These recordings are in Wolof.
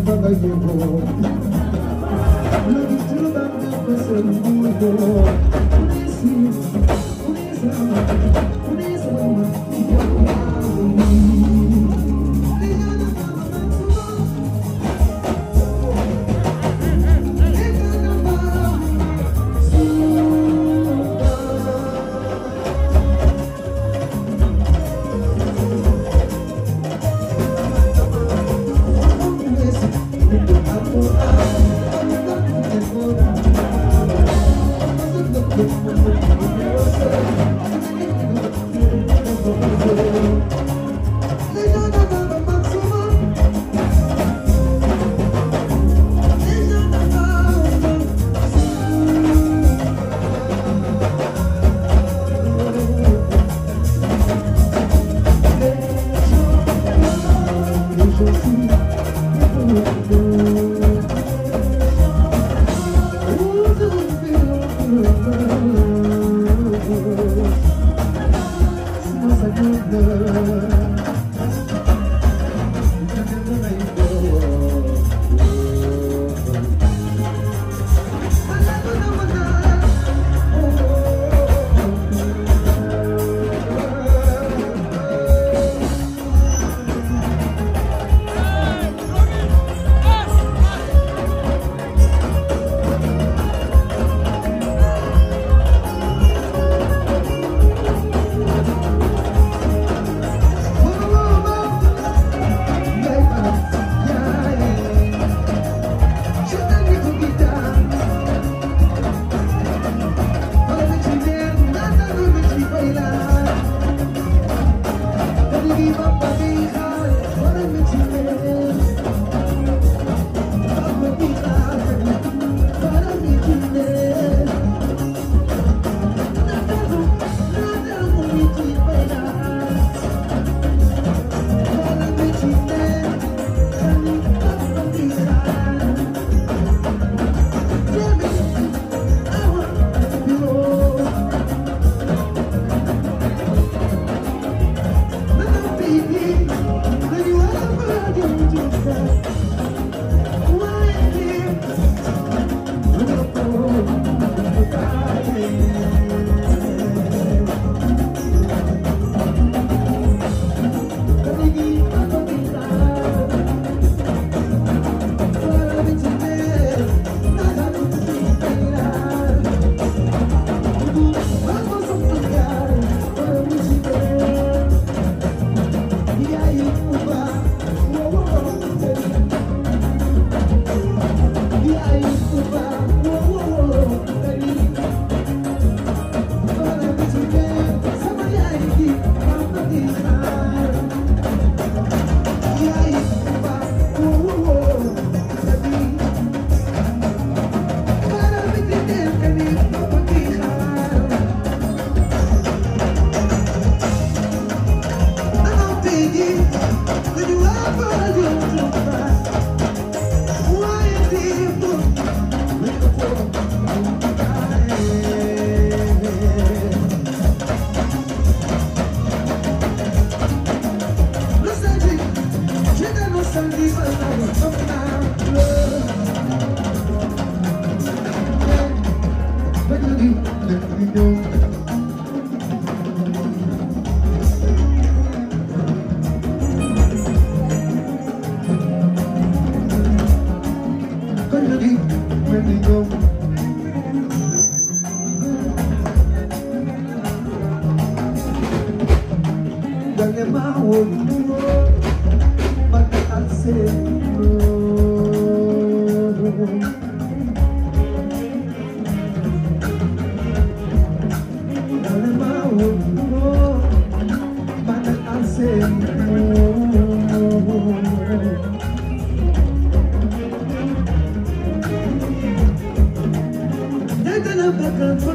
baba yebo. Love is true, but never so good. you know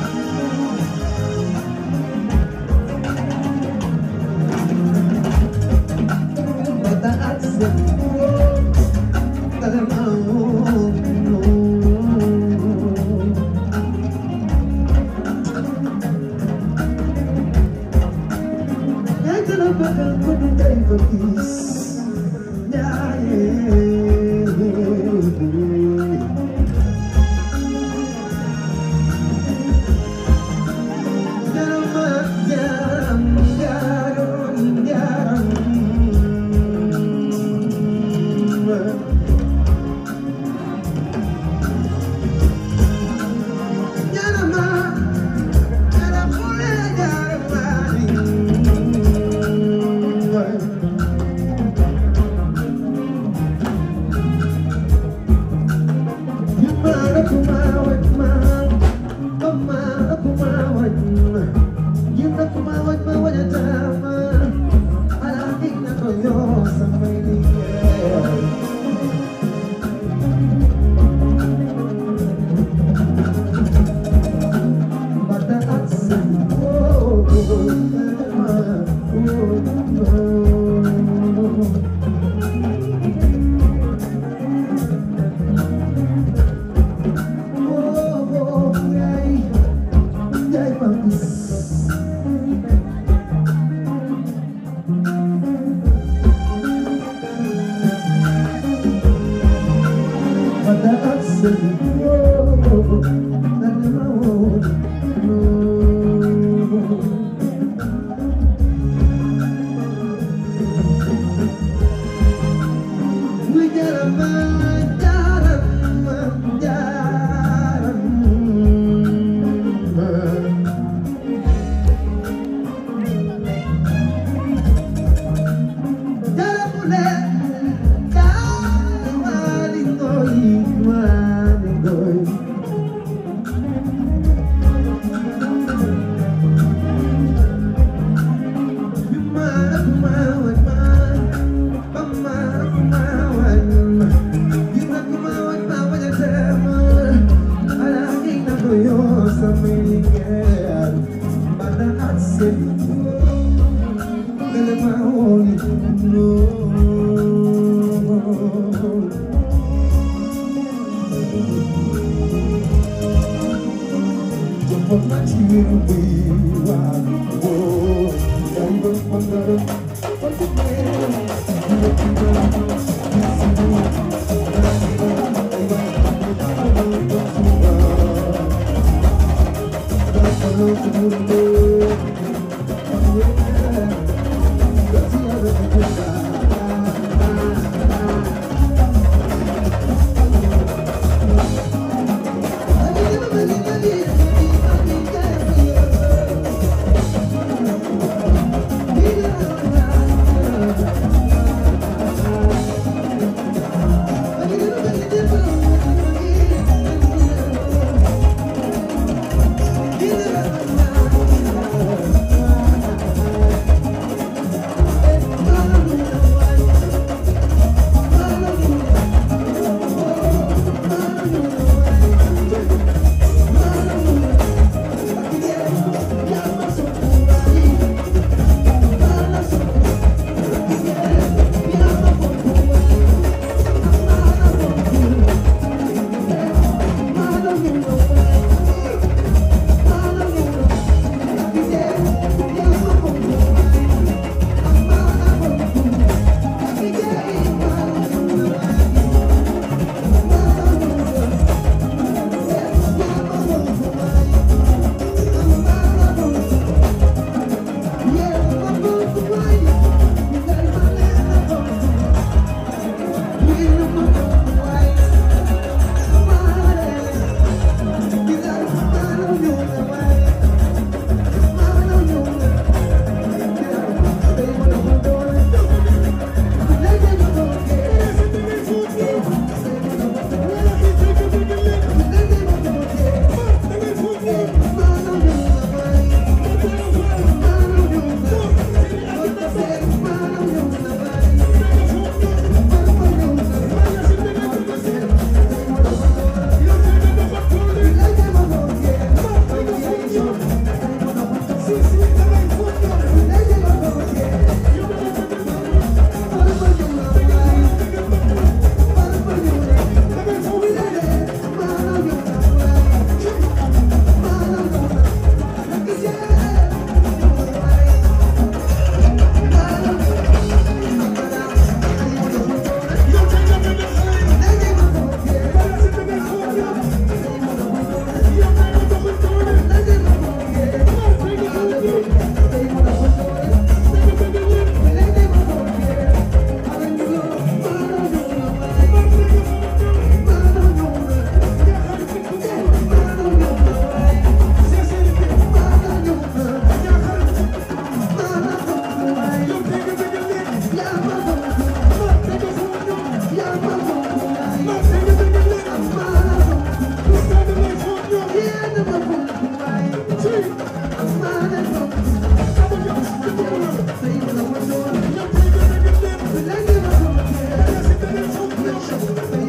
Thank you. my Thank you.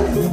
Thank you.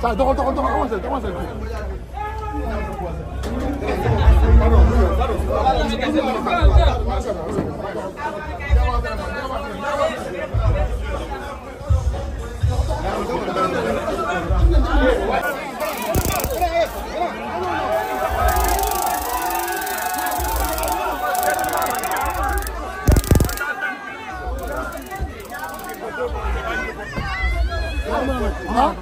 saa doxal doxal doxal avancé avancé. ah.